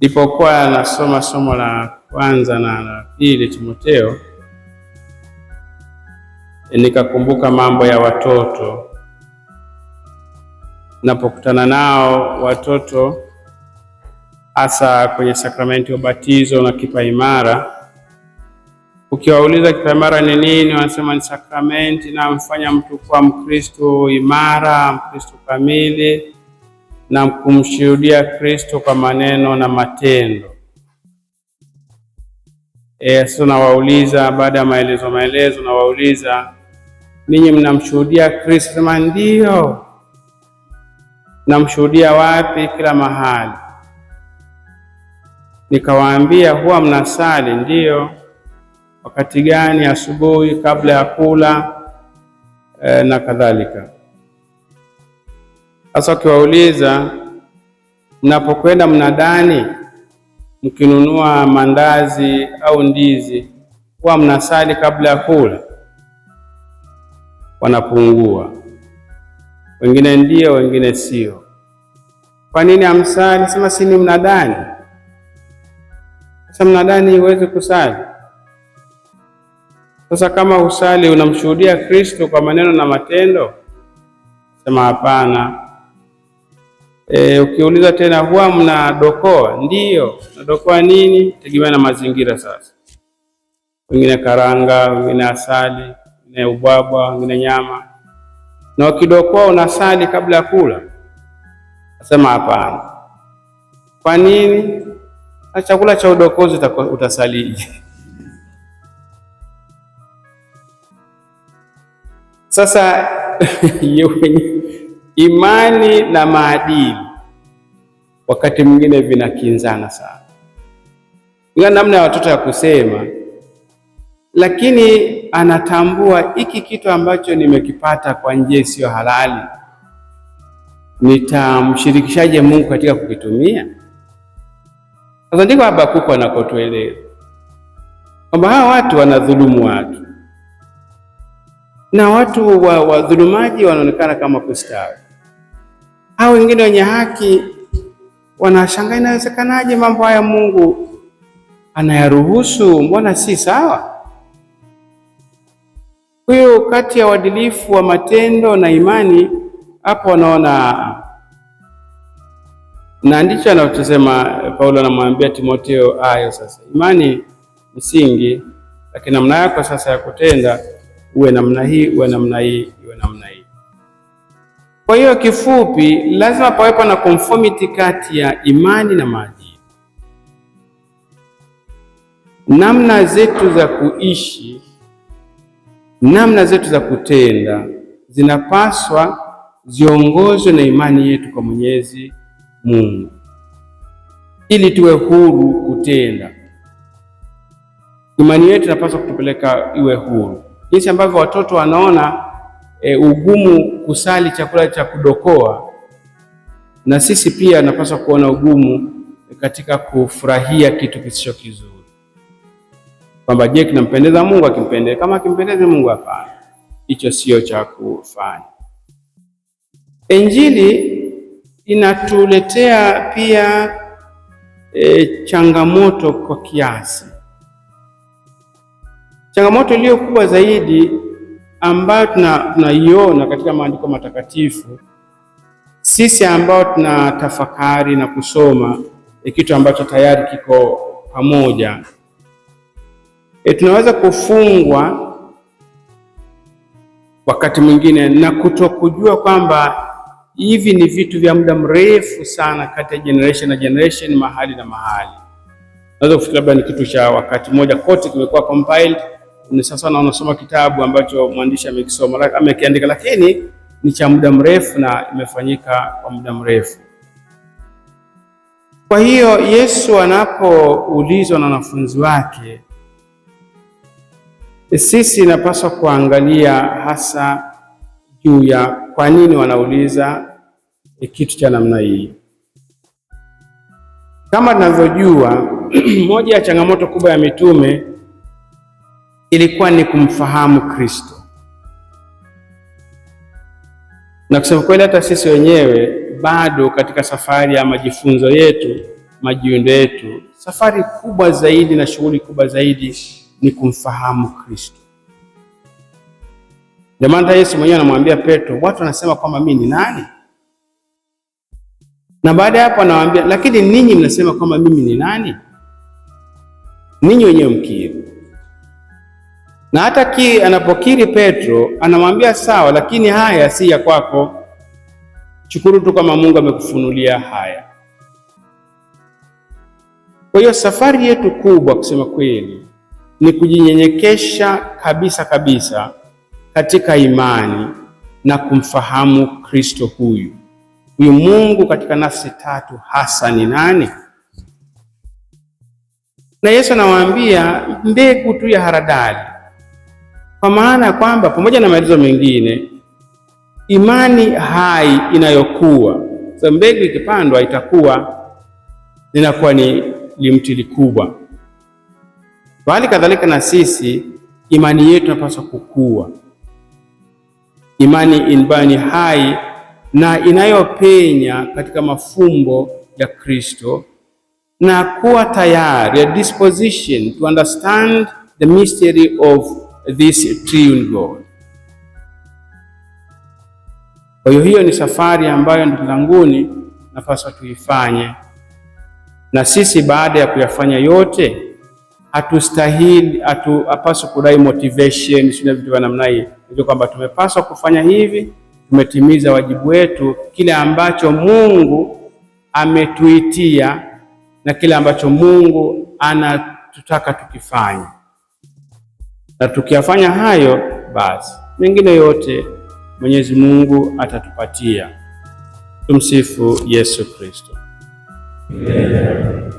Nilipokuwa nasoma somo la kwanza na la pili timoteo nikakumbuka mambo ya watoto. Napokutana nao watoto, hasa kwenye sakramenti ya ubatizo na kipaimara, ukiwauliza kipaimara ni nini, wanasema ni sakramenti inayomfanya mtu kuwa Mkristo imara, Mkristo kamili na kumshuhudia Kristo kwa maneno na matendo. E, sasa nawauliza, baada ya maelezo maelezo, nawauliza ninyi, mnamshuhudia Kristo? Sema ndio Namshuhudia wapi? Kila mahali. Nikawaambia, huwa mnasali? Ndiyo. Wakati gani? Asubuhi, kabla ya kula, e, na kadhalika. Sasa ukiwauliza mnapokwenda mnadani, mkinunua mandazi au ndizi, huwa mnasali kabla ya kula? Wanapungua wengine, ndio wengine sio. Kwa nini hamsali? Sema si ni mnadani. Sasa mnadani huwezi kusali. Sasa kama usali unamshuhudia Kristo kwa maneno na matendo? Sema hapana E, ukiuliza tena huwa mnadokoa? ndio nadokoa nini, tegemea na mazingira. Sasa wengine karanga, wengine asali, wengine ubwabwa, wengine nyama. Na ukidokoa unasali kabla ya kula? Nasema hapana. Kwa nini? na chakula cha udokozi utasalije? Sasa imani na maadili wakati mwingine vinakinzana sana. Kuna namna ya watoto ya kusema, lakini anatambua hiki kitu ambacho nimekipata kwa njia isiyo halali, nitamshirikishaje Mungu katika kukitumia? Sasa ndiko Habakuku anakotueleza kwamba hawa watu wanadhulumu watu na watu wa wadhulumaji wanaonekana kama kustawi au wengine wenye haki wanashangaa, inawezekanaje mambo haya Mungu anayaruhusu? Mbona si sawa? Huyo kati ya uadilifu wa matendo na imani, hapo wanaona na ndicho anachosema Paulo, anamwambia Timotheo, ayo sasa, imani msingi, lakini namna yako sasa ya kutenda uwe namna hii, uwe namna hii, uwe namna hii. Kwa hiyo kifupi, lazima pawepo na conformity kati ya imani na maadili. Namna zetu za kuishi, namna zetu za kutenda zinapaswa ziongozwe na imani yetu kwa Mwenyezi Mungu ili tuwe huru kutenda. Imani yetu inapaswa kutupeleka iwe huru, jinsi ambavyo watoto wanaona e, ugumu kusali chakula cha kudokoa, na sisi pia napaswa kuona ugumu katika kufurahia kitu kisicho kizuri, kwamba je, kinampendeza Mungu? Akimpendeza kama akimpendeze Mungu, hapana, hicho sio cha kufanya. Injili inatuletea pia e, changamoto kwa kiasi. Changamoto iliyo kubwa zaidi ambayo tunaiona katika maandiko matakatifu, sisi ambao tafakari na kusoma e, kitu ambacho tayari kiko pamoja. E, tunaweza kufungwa wakati mwingine na kutokujua kwamba hivi ni vitu vya muda mrefu sana kati ya generation na generation, mahali na mahali. Naweza kufikiri labda ni kitu cha wakati mmoja, kote kimekuwa compiled ni sasa na unasoma kitabu ambacho mwandishi amekisoma amekiandika, lakini ni cha muda mrefu na imefanyika kwa muda mrefu. Kwa hiyo Yesu anapoulizwa na wanafunzi wake, sisi inapaswa kuangalia hasa juu ya kwa nini wanauliza kitu cha namna hii. Kama tunavyojua, moja ya changamoto kubwa ya mitume ilikuwa ni kumfahamu Kristo. Na kusema kweli, hata sisi wenyewe bado katika safari ya majifunzo yetu, majiundo yetu, safari kubwa zaidi na shughuli kubwa zaidi ni kumfahamu Kristo. Ndio maana Yesu mwenyewe anamwambia Petro, watu wanasema kwamba mimi ni nani? Na baada ya hapo anawaambia, lakini ninyi mnasema kwamba mimi ni nani? Ninyi wenyewe mkiri na hata ki anapokiri Petro anamwambia sawa, lakini haya si ya kwako. Shukuru tu kama Mungu amekufunulia haya. Kwa hiyo safari yetu kubwa, kusema kweli, ni kujinyenyekesha kabisa kabisa katika imani na kumfahamu Kristo huyu huyu Mungu katika nafsi tatu hasa ni nani? Na Yesu anawaambia mbegu tu ya haradali kwa maana ya kwamba pamoja na maelezo mengine, imani hai inayokuwa so, mbegu ikipandwa itakuwa linakuwa ni limti likubwa. Hali kadhalika na sisi imani yetu inapaswa kukua, imani imbani hai na inayopenya katika mafumbo ya Kristo na kuwa tayari, a disposition to understand the mystery of this triune God. Kwa hiyo hiyo ni safari ambayo ndugu zanguni napaswa tuifanye, na sisi baada ya kuyafanya yote hatustahili hatupaswa kudai motivation sio vitu vya namna hii, ndio kwamba tumepaswa kufanya hivi, tumetimiza wajibu wetu, kile ambacho Mungu ametuitia na kile ambacho Mungu anatutaka tukifanye na tukiyafanya hayo, basi mengine yote Mwenyezi Mungu atatupatia. Tumsifu Yesu Kristo. Yeah.